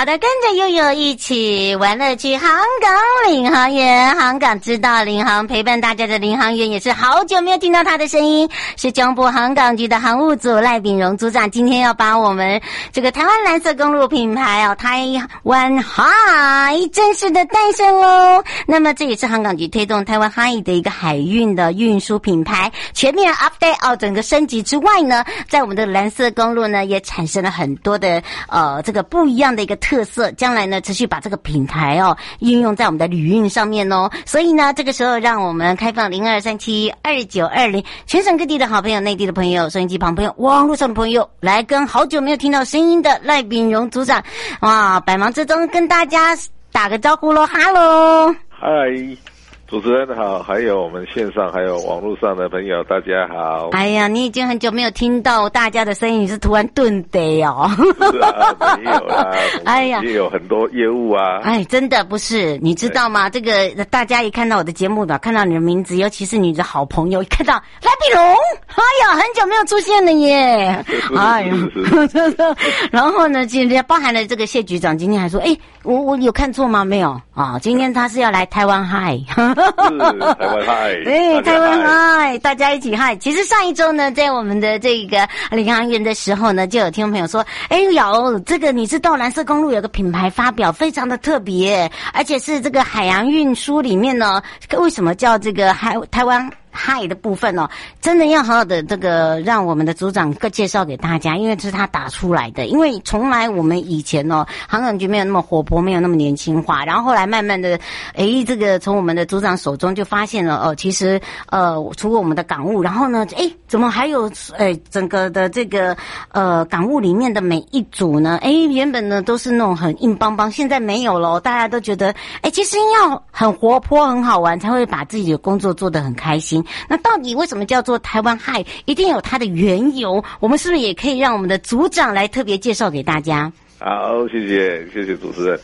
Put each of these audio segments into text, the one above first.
好的，跟着悠悠一起玩樂去航港領航員，航港知道，領航陪伴大家的領航員也是好久沒有聽到他的聲音，是交通部航港局的航務組賴炳榮組長，今天要把我們這個台灣藍色公路品牌哦，台灣 Hi 正式的誕生哦。那麼這也是航港局推動台灣 Hi 的一個海運的運輸品牌全面 update 哦，整個升級之外呢，在我們的藍色公路呢也產生了很多的呃，這個不一樣的一個特。特色將來呢，持續把這個品牌哦運用在我們的旅運上面哦。所以呢，這個時候讓我們開放零二三七二九二零，全省各地的好朋友、內地的朋友、收音機旁朋友、網路上的朋友，來跟好久沒有聽到聲音的賴炳榮組長，哇，百忙之中跟大家打個招呼嘍，Hello，嗨。主持人好，還有我們線上還有網絡上的朋友，大家好。哎呀，你已經很久沒有聽到大家的聲音，你是突然頓的哦。啊 啊、哎呀，也有很多業務啊。哎，真的不是，你知道嗎？哎、這個大家一看到我的節目吧，看到你的名字，尤其是你的好朋友，一看到賴炳榮，哎呀，很久沒有出現了耶。是是是是，哎呀，是是是 然後呢，今天包含了這個謝局長，今天還說，哎，我我有看錯嗎？沒有啊、哦，今天他是要來台灣嗨。哈哈哈！台灣嗨，對嗨，台灣嗨，大家一起嗨。其實上一周呢，在我們的這個領航員的時候呢，就有聽眾朋友說：“哎，有，這個你是到藍色公路有個品牌發表，非常的特別，而且是這個海洋運輸裡面呢，為什麼叫這個海台灣？”嗨的部分哦，真的要好好的這個讓我們的組長各介紹給大家，因為這是他打出來的。因為從來我們以前哦，航港局沒有那麼活潑，沒有那麼年輕化。然後後來慢慢的，哎，這個從我們的組長手中就發現了哦，其實呃，除了我們的港務，然後呢，哎，怎麼還有哎整個的這個呃港務裡面的每一組呢？哎，原本呢都是那種很硬邦邦，現在沒有了，大家都覺得哎，其實要很活潑、很好玩，才會把自己的工作做得很開心。那到底為什麼叫做臺灣 Hi？一定有它的緣由。我們是不是也可以讓我們的組長來特別介紹給大家？好，哦，謝謝謝謝主持人。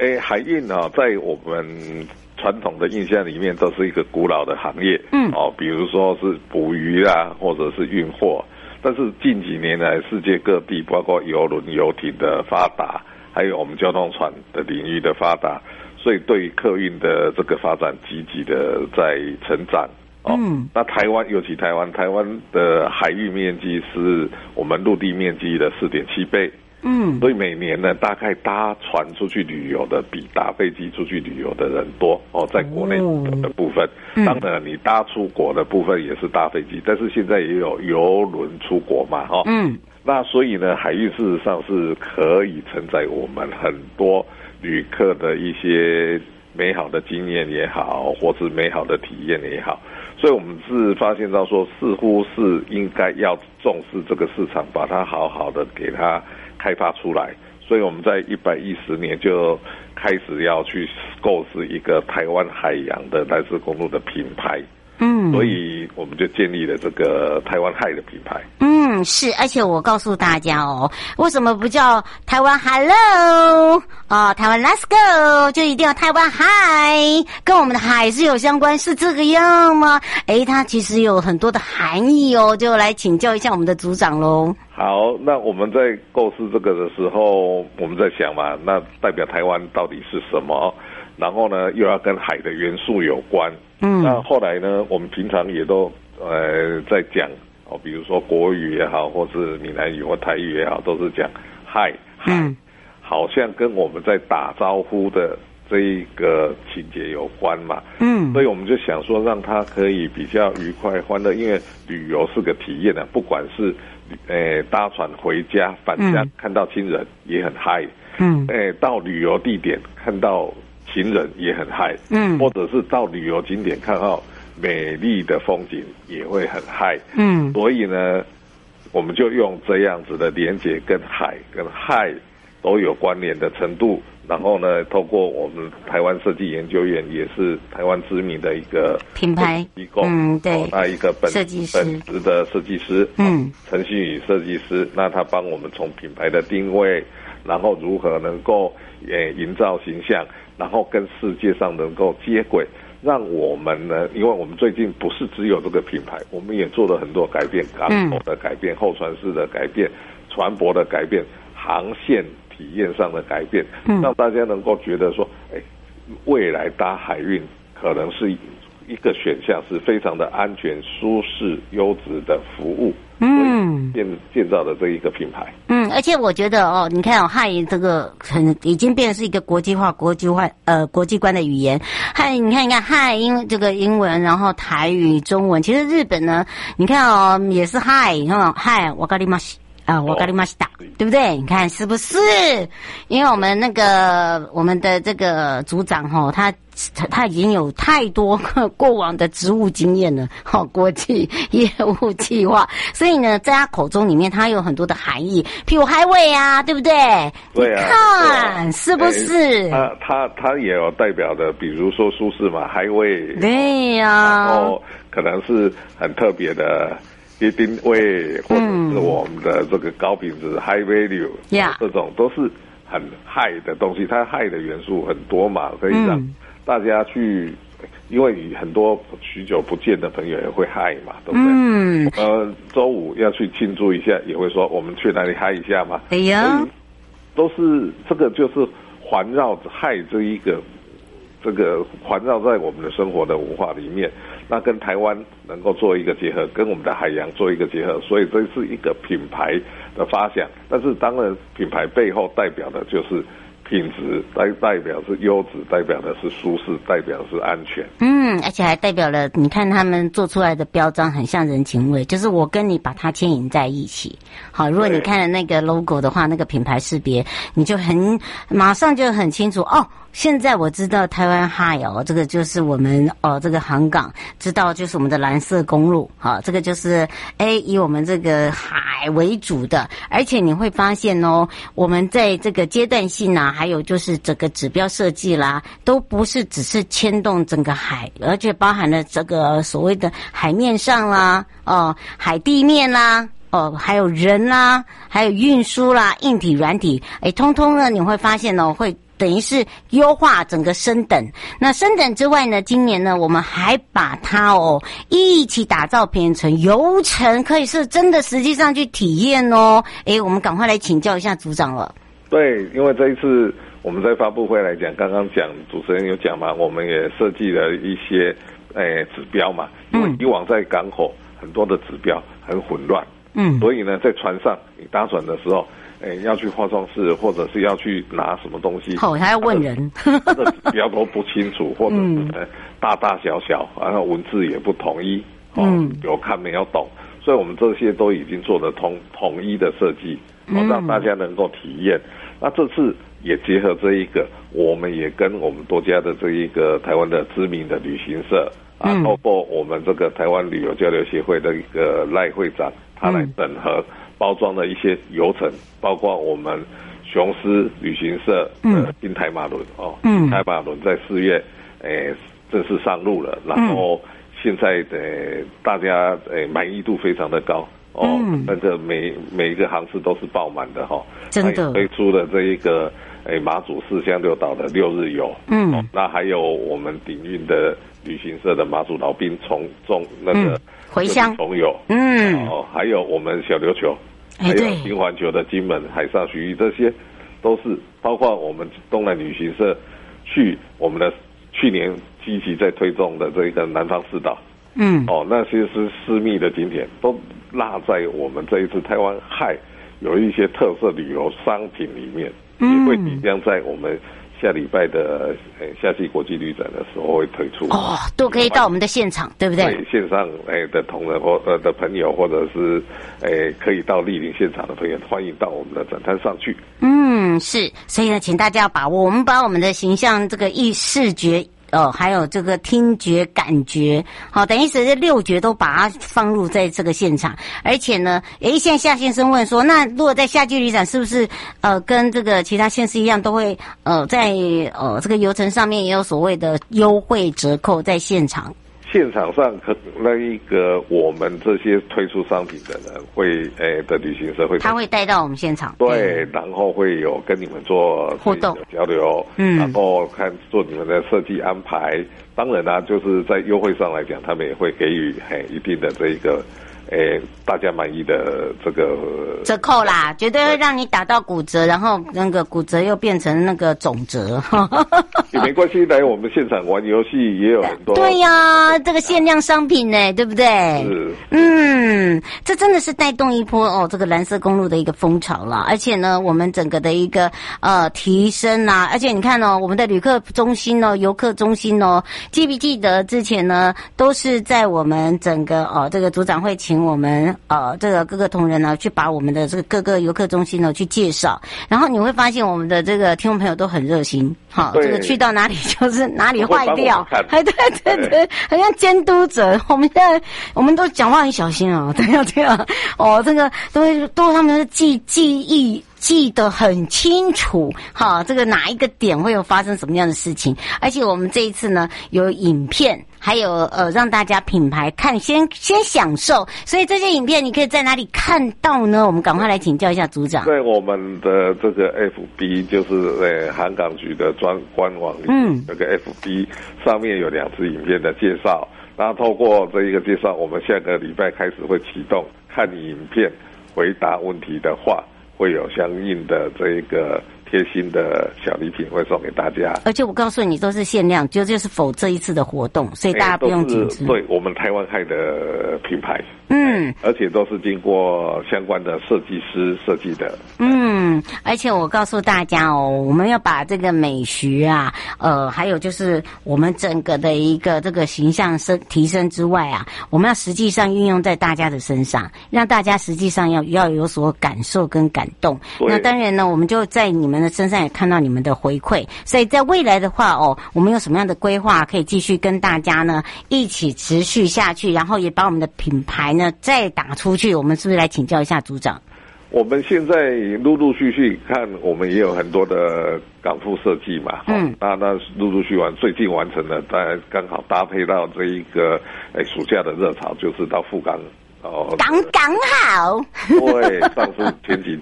哎，海運哦，在我們傳統的印象裡面，都是一個古老的行業。嗯，哦，比如說是捕魚啊，或者是運貨。但是近幾年來，世界各地包括郵輪、遊艇的發達，還有我們交通船的領域的發達，所以對於客運的這個發展積極的在成長。哦、嗯，那台灣尤其台灣，台灣的海域面積是我們陸地面積的四點七倍。嗯，所以每年呢，大概搭船出去旅遊的比搭飛機出去旅遊的人多。哦，在國內的，的部分，哦，當然你搭出國的部分也是搭飛機，嗯，但是現在也有遊輪出國嘛，哈，哦。嗯，那所以呢，海域事實上是可以承載我們很多旅客的一些美好的經驗也好，或是美好的體驗也好。所以我們是發現到說，似乎是應該要重視這個市場，把它好好的給它開發出來。所以我們在一百一十年就開始要去構思一個台灣海洋的藍色公路的品牌。嗯，所以我們就建立了這個台灣 Hi 的品牌的的。嗯，是，而且我告訴大家哦，為什麼不叫台灣 Hello 哦、啊，台灣 Let's Go 就一定要台灣 Hi。跟我們的海是有相關，是這個樣嗎？哎，它其實有很多的含義哦，就來請教一下我們的組長嘍。好，那我們在構思這個的時候，我們在想嘛，那代表台灣到底是什麼？然後呢，又要跟海的元素有關。嗯，那後來呢？我們平常也都呃在講哦，比如說國語也好，或是閩南語或台語也好，都是講嗨嗨、嗯，好像跟我們在打招呼的這一個情節有關嘛。嗯，所以我們就想說，讓他可以比較愉快歡樂，因為旅遊是個體驗啊，不管是呃搭船回家返家看到親人也很嗨。嗯，呃、到旅遊地點看到。行人也很嗨，嗯，或者是到旅遊景點看到、哦、美麗的風景也會很嗨，嗯，所以呢，我們就用這樣子的連接跟海跟嗨都有關聯的程度，然後呢，透過我們台灣設計研究院，也是台灣知名的一個公公品牌機構，嗯，對，哦、那一個設計師本職的設計師，嗯，陳新宇設計師，那他幫我們從品牌的定位，然後如何能夠、呃、營造形象。然後跟世界上能夠接軌，讓我們呢，因為我們最近不是只有這個品牌，我們也做了很多改變，港口的改變、候船室的改變、船舶的改變、航線體驗上的改變，讓大家能夠覺得說，哎，未來搭海運可能是一個選項，是非常的安全、舒適、優質的服務。嗯，建建造的這一個品牌。嗯，而且我覺得哦，你看哦，Hi 這個很已經變成是一個國際化、國際化呃國際觀的語言。Hi，你看，一看，你看 Hi，因這個英文，然後台語、中文，其實日本呢，你看哦，也是 Hi，你看 Hi，わかりまし啊，わかりました，對不對？你看是不是？因為我們那個我們的這個組長哈、哦，他。他已經有太多過往的職務經驗了，好、哦、國際業務計劃，所以呢，在他口中裡面，他有很多的含義，譬如 highway 啊，對不對，看對、啊？對啊，是不是？他他他也有代表的，比如說舒適嘛，highway 對呀、啊，然後可能是很特別的，一定位或者是我們的這個高品質、嗯、high value 呀，這種都是很 high 的東西，它 high 的元素很多嘛，可以呢、嗯。大家去，因為很多許久不見的朋友也會嗨嘛，對不對？嗯、呃，周五要去慶祝一下，也會說我們去哪裡嗨一下嘛。哎呀，都是這個就是環繞嗨這一個，這個環繞在我們的生活的文化裡面。那跟台灣能夠做一個結合，跟我們的海洋做一個結合，所以這是一個品牌的發想。但是當然，品牌背後代表的就是。品質代代表是優質，代表的是舒適，代表是安全。嗯，而且還代表了，你看他們做出來的標章很像人情味，就是我跟你把它牽引在一起。好，如果你看了那個 logo 的話，那個品牌識別，你就很馬上就很清楚哦。現在我知道台灣海台灣 Hi 哦，這個就是我們哦、呃，這個航港知道就是我們的藍色公路。好、哦，這個就是哎、欸，以我們這個海為主的，而且你會發現哦，我們在這個階段性啊。還有就是這個指標設計啦，都不是只是牽動整個海，而且包含了這個所謂的海面上啦，哦、呃，海地面啦，哦、呃，還有人啦，還有運輸啦，硬體、軟體，哎，通通呢，你會發現呢、哦，會等於是優化整個升等。那升等之外呢，今年呢，我們還把它哦一起打造變成遊程，可以是真的實際上去體驗哦。誒，我們趕快來請教一下組長了。對，因為這一次我們在發佈會來講，剛剛講主持人有講嘛，我們也設計了一些哎指標嘛。因為以往在港口很多的指標很混亂。嗯。所以呢，在船上你搭船的時候，哎要去化妝室或者是要去拿什麼東西？哦，還要問人。這指標都不清楚， 或者是大大小小，然後文字也不統一。哦、嗯。有看沒有懂？所以我們這些都已經做得統統一的設計。哦、讓大家能夠體驗。那這次也結合這一個，我們也跟我們多家的這一個台灣的知名的旅行社啊，包括我們這個台灣旅遊交流協會的一個賴會長，他來整合包裝的一些遊程，包括我們雄獅旅行社的金台馬輪哦，嗯，台馬輪在四月誒正式上路了，然後現在的大家誒，誒滿意度非常的高。哦、嗯，那個每每一個航次都是爆滿的哈、哦，真的推出了這一個誒馬祖四鄉六島的六日遊，嗯，哦、那還有我們鼎運的旅行社的馬祖老兵從中那個回鄉重遊，嗯，哦，還有我們小琉球，嗯、還有新環球的金門、哎、海上區域這些，都是包括我們東南旅行社去我們的去年積極在推動的這一個南方四島，嗯，哦，那些是私密的景點都落在我們這一次台灣嗨有一些特色旅遊商品裡面，嗯、也會即將在我們下禮拜的、哎、夏季國際旅展的時候會推出哦，都可以到我們的現場，對不對？線上哎的同仁或呃的朋友，或者是哎可以到蒞臨現場的朋友，歡迎到我們的展台上去。嗯，是，所以呢，請大家要把握，我們把我們的形象這個意視覺。哦，還有這個聽覺感覺，好、哦，等於是這六覺都把它放入在這個現場，而且呢，哎，現在夏先生問說，那如果在夏季旅展，是不是呃，跟這個其他縣市一樣，都會呃，在呃這個遊程上面也有所謂的優惠折扣在現場。現場上可那一個我們這些推出商品的人會誒、欸、的旅行社會，他會帶到我們現場，對，然後會有跟你們做互動交流，嗯，然後看做你們的設計安排，嗯、當然啦、啊，就是在優惠上來講，他們也會給予很、欸、一定的這一個。誒，大家滿意的這個折扣啦，絕對會讓你打到骨折，然後那個骨折又變成那個總折，哈， 沒關係。來我們現場玩遊戲也有很多對，對呀，這個限量商品呢， 對不對？是，嗯，這真的是帶動一波哦，這個藍色公路的一個風潮啦。而且呢，我們整個的一個呃提升啦、啊，而且你看哦，我們的旅客中心哦，遊客中心哦，記不記得之前呢，都是在我們整個哦這個組長會請。我們呃，這個各個同仁呢，去把我們的這個各個遊客中心呢去介紹，然後你會發現我們的這個聽眾朋友都很熱心，好，這個去到哪裡就是哪裡壞掉，還對對對，好 像監督者。我們現在我們都講話很小心哦，對要這樣哦，這個都會都他們記記憶記得很清楚，哈，這個哪一個點會有發生什麼樣的事情，而且我們這一次呢有影片。還有呃，讓大家品牌看先先享受，所以這些影片，你可以在哪裡看到呢？我們趕快來請教一下組長。對我們的這個 FB，就是呃航、欸、港局的專官網裡，嗯，那、這個 FB 上面有兩支影片的介紹。然後透過這一個介紹，我們下個禮拜開始會啟動看影片，回答問題的話，會有相應的這一個。貼心的小禮品會送給大家，而且我告訴你，都是限量，就就是否這一次的活動，所以大家不用緊張、欸。對，我們台灣 Hi 的品牌。嗯，而且都是經過相關的設計師設計的。嗯，而且我告訴大家哦，我們要把這個美學啊，呃，還有就是我們整個的一個這個形象升提升之外啊，我們要實際上運用在大家的身上，讓大家實際上要要有所感受跟感動。那當然呢，我們就在你們的身上也看到你們的回饋，所以在未來的話哦，我們有什麼樣的規劃，可以繼續跟大家呢一起持續下去，然後也把我們的品牌。那再打出去，我們是不是來請教一下組長？我們現在陸陸續續看，我們也有很多的港府設計嘛。嗯，那那陸陸續完，最近完成了，大家剛好搭配到這一個哎、欸、暑假的熱潮，就是到富岡。哦，剛剛好。 對，上次前幾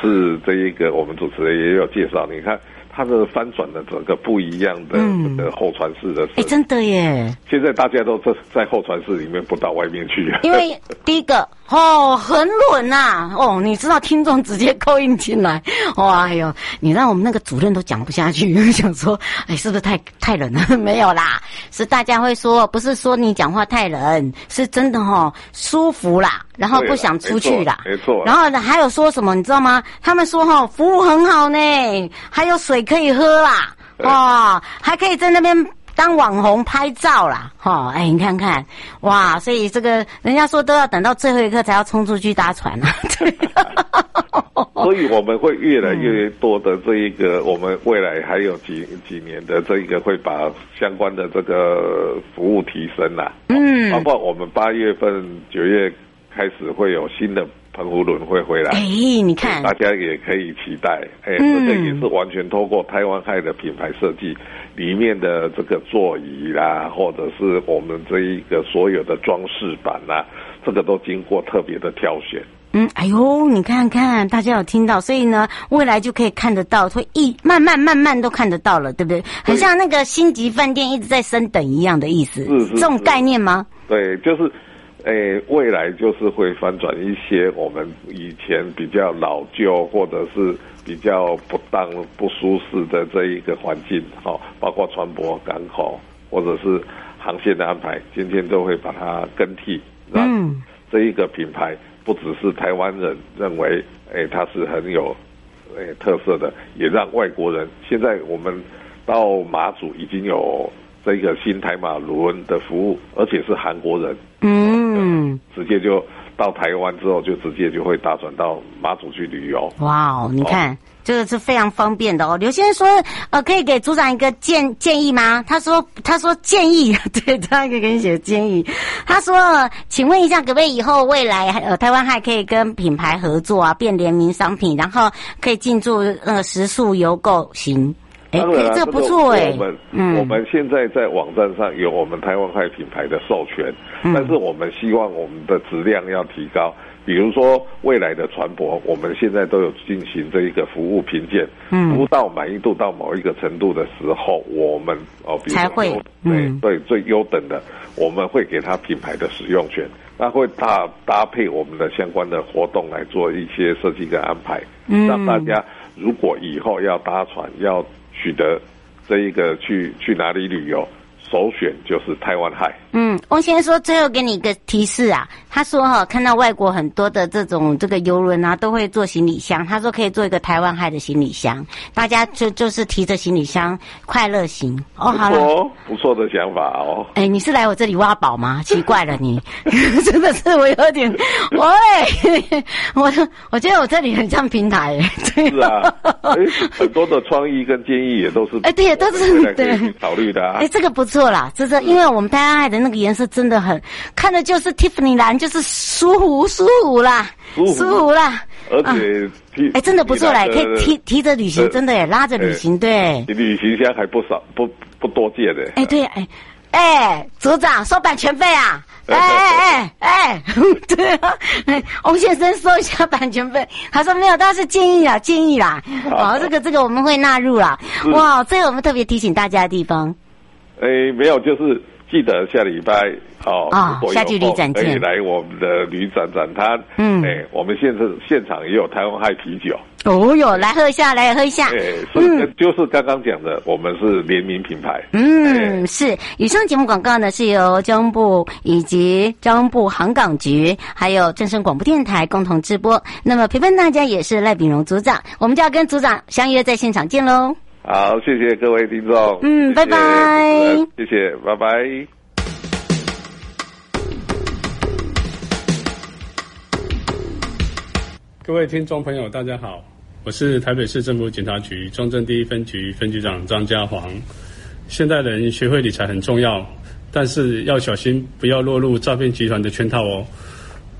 次這一個，我們主持人也有介紹，你看。它的翻轉的整個不一樣的這、嗯、候船室的是，哎、欸，真的耶！現在大家都在在候船室裡面，不到外面去。因為 第一個。哦，很冷吶、啊！哦，你知道聽眾直接 call in 進來，哇喲、哎！你讓我們那個主任都講不下去，想說，哎，是不是太太冷了？沒有啦，是大家會說，不是說你講話太冷，是真的哈、哦，舒服啦，然後不想出去啦。啦沒錯，沒錯、啊。然後還有說什麼，你知道嗎？他們說哈、哦，服務很好呢，還有水可以喝啦、啊，哦，還可以在那邊。當網紅拍照啦，哈、哦，哎、欸，你看看，哇，所以這個人家說都要等到最後一刻才要衝出去搭船啊，對 所以我們會越來越多的這一個，嗯、我們未來還有幾幾年的這一個會把相關的這個服務提升啦，哦、嗯，包括我們八月份九月開始會有新的。澎湖輪會回，回來，哎、欸，你看，大家也可以期待，哎、欸，這、嗯、個也是完全透過台灣嗨的品牌設計，裡面的這個座椅啦、啊，或者是我們這一個所有的裝飾板啊，這個都經過特別的挑選。嗯，哎呦，你看看，大家有聽到，所以呢，未來就可以看得到，會一慢慢慢慢都看得到了，對不對？對，很像那個星級飯店一直在升等一樣的意思，嗯，這種概念嗎？對，就是。哎，未來就是會翻轉一些我們以前比較老舊或者是比較不當不舒適的這一個環境，好，包括船舶、港口或者是航線的安排，今天都會把它更替。嗯，讓這一個品牌不只是台灣人認為，哎，它是很有哎特色的，也讓外國人。現在我們到馬祖已經有這個新台馬輪的服務，而且是韓國人。嗯，直接就到台灣之後，就直接就會打轉到馬祖去旅遊。哇哦，你看，哦、這個是非常方便的哦。劉先生說，呃，可以給組長一個建建議嗎？他說，他說建議，對他可以給你寫建議。他說、呃，請問一下，可不可以以後未來，呃，台灣還可以跟品牌合作啊，變聯名商品，然後可以進駐那個食宿遊購行。哎、啊，欸，這不錯哎、欸。那個、我們、嗯、我們現在在網站上有我們台灣 Hi 品牌的授權，但是我們希望我們的質量要提高、嗯。比如說未來的船舶，我們現在都有進行這一個服務評鑑，嗯，不到滿意度到某一個程度的時候，我們哦，比如說會、哎嗯、對對最優等的，我們會給他品牌的使用權，那會搭搭配我們的相關的活動來做一些設計跟安排，讓大家如果以後要搭船要取得這一個去去哪裡旅遊？首選就是台灣嗨。嗯，翁先生說最後給你一個提示啊，他說哈、哦，看到外國很多的這種這個游輪啊，都會做行李箱，他說可以做一個台灣嗨的行李箱，大家就就是提着行李箱快樂行。哦，不錯好了，不錯的想法哦。哎、欸，你是來我這裡挖寶嗎？奇怪了你，你 真的是我有點，喂、欸， 我我覺得我這裡很像平台、欸。是啊， 欸、很多的創意跟建議也都是哎，對都是對考慮的啊。哎、欸欸，這個不錯。錯了，這是因為我們太陽海的那個顏色真的很看着就是 Tiffany 藍，就是舒服舒服啦，舒服，舒服啦。而且哎、啊欸，真的不錯嘞，可以提提着旅行，真的也拉着旅行，對。旅行箱還不少，不不多借的。哎、欸、對、啊，哎、欸、哎，組長收版權費啊？哎哎哎哎，對。翁先生收一下版權費，他說沒有，但是建議啊建議啦。好，這個這個我們會納入了。哇，這個我們特別提醒大家的地方。哎，沒有，就是記得下禮拜啊、哦哦、下去旅展可以來我們的旅展展攤。嗯，哎，我們現在現場也有臺灣嗨啤酒。哦喲，來喝一下，來喝一下。對，是，嗯，就是剛剛講的，我們是聯名品牌。嗯，是。以上節目廣告呢，是由交通部以及交通部航港局，還有正聲廣播電台共同直播。那麼陪伴大家也是賴炳榮組長，我們就要跟組長相約在現場見嘍。好，謝謝各位聽眾。嗯，謝謝，拜拜。謝謝，拜拜。各位聽眾朋友，大家好，我是台北市政府警察局中正第一分局分局長張家煌。現代人學會理財很重要，但是要小心，不要落入詐騙集團的圈套哦。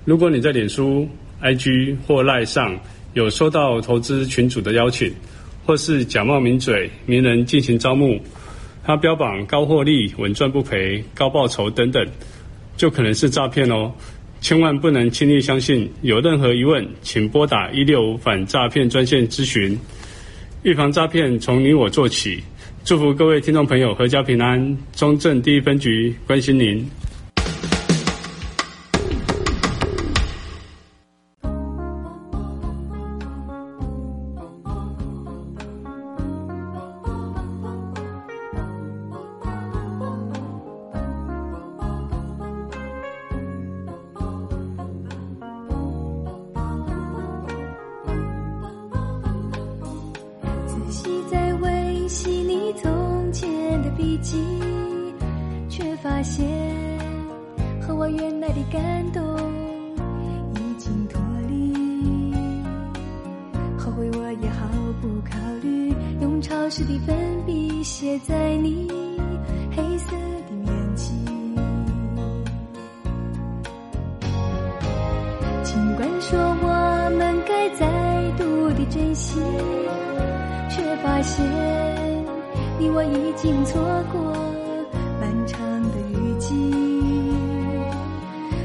如果你在臉書、IG 或賴上有收到投資群組的邀請，或是假冒名嘴、名人進行招募，他標榜高獲利、穩賺不賠、高報酬等等，就可能是詐騙哦，千萬不能輕易相信。有任何疑問，請撥打一六五反詐騙專線諮詢。預防詐騙，從你我做起。祝福各位聽眾朋友闔家平安。中正第一分局關心您。仔細再溫習你從前的筆記，卻發現和我原來的感動已經脫離。後悔我也毫不考慮，用潮濕的粉筆寫在你黑色的面巾。儘管說我們該再度的珍惜。發現你我已經錯過漫長的雨季，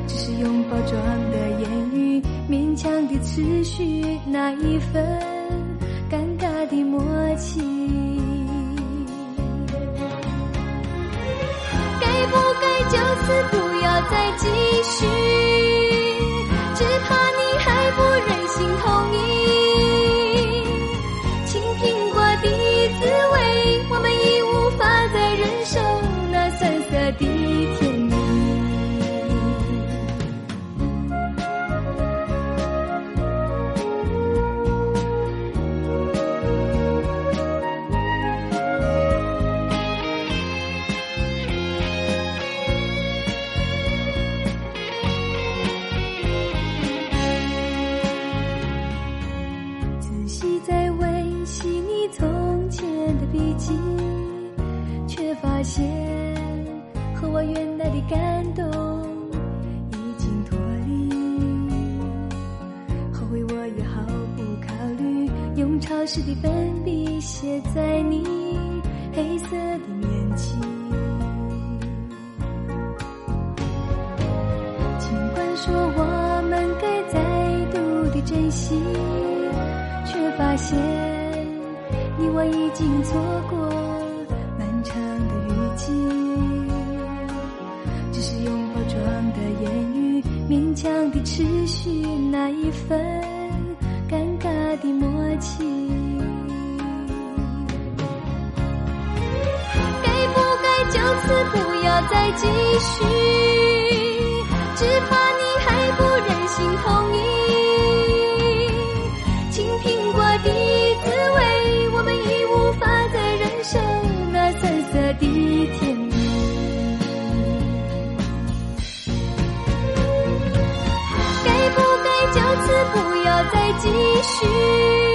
只是用包裝的言語，勉強的持續那一份尷尬的默契，該不該就此不要再繼續？你我已經錯過漫長的雨季，只是用包裝的言語，勉強的持續那一份尷尬的默契，該不該就此不要再繼續？只怕你還不忍心同意。我再繼續。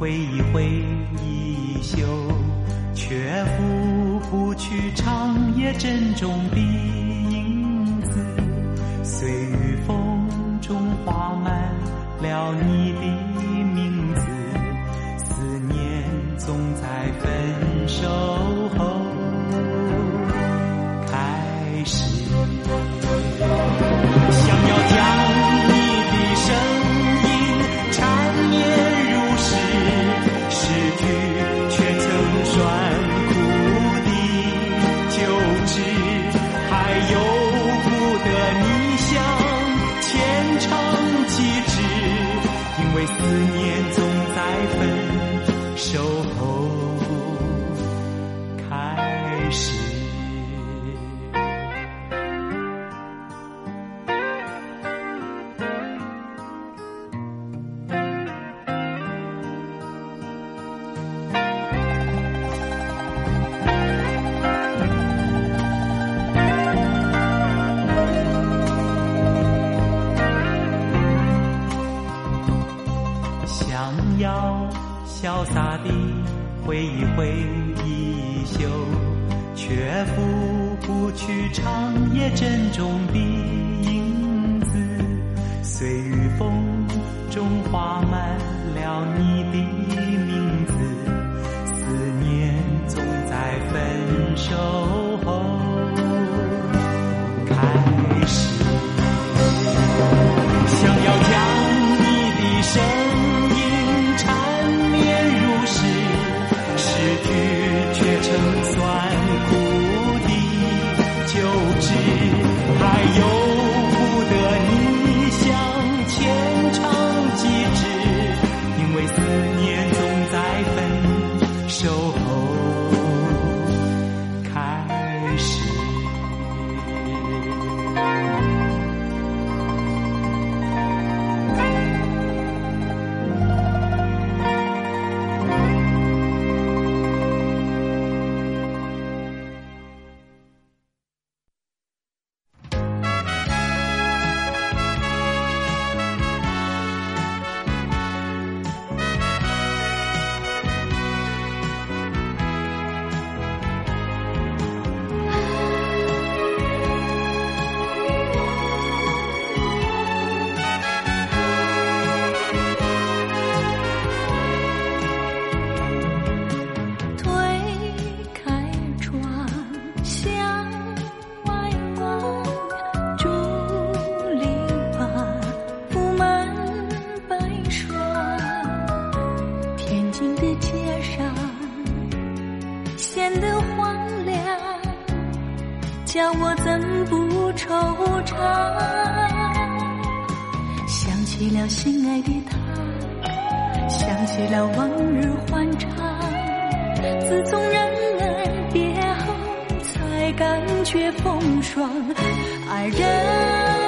揮一揮衣袖，卻拂不去長夜珍重的影子，歲月風中畫滿了你。揮一揮衣袖，卻拂不去唱。讓我怎不惆悵？想起了心愛的他，想起了往日歡暢。自從人兒別後，才感覺風霜，愛人。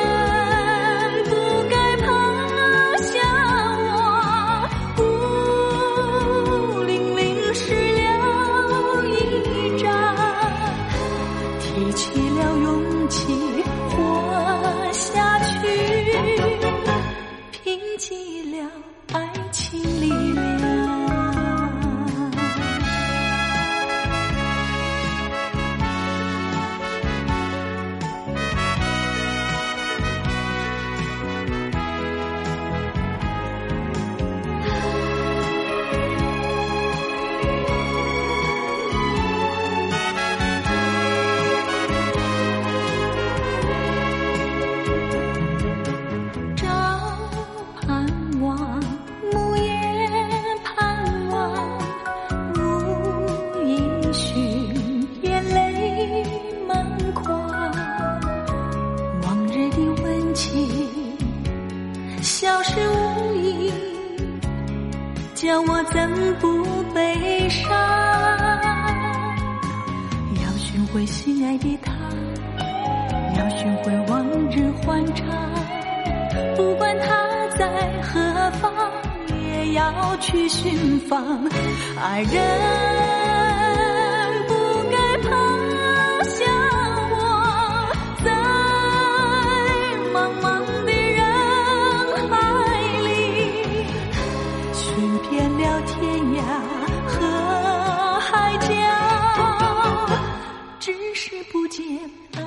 是不見愛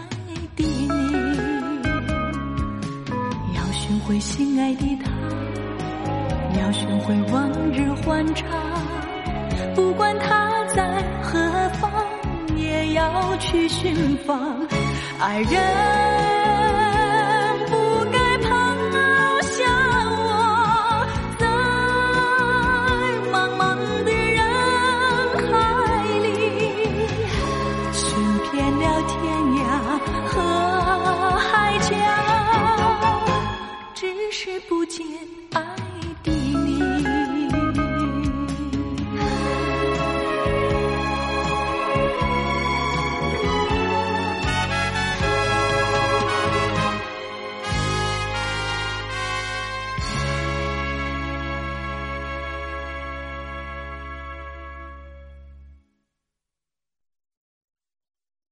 的你，要尋回心愛的他，要尋回往日歡暢。不管他在何方，也要去尋訪愛人。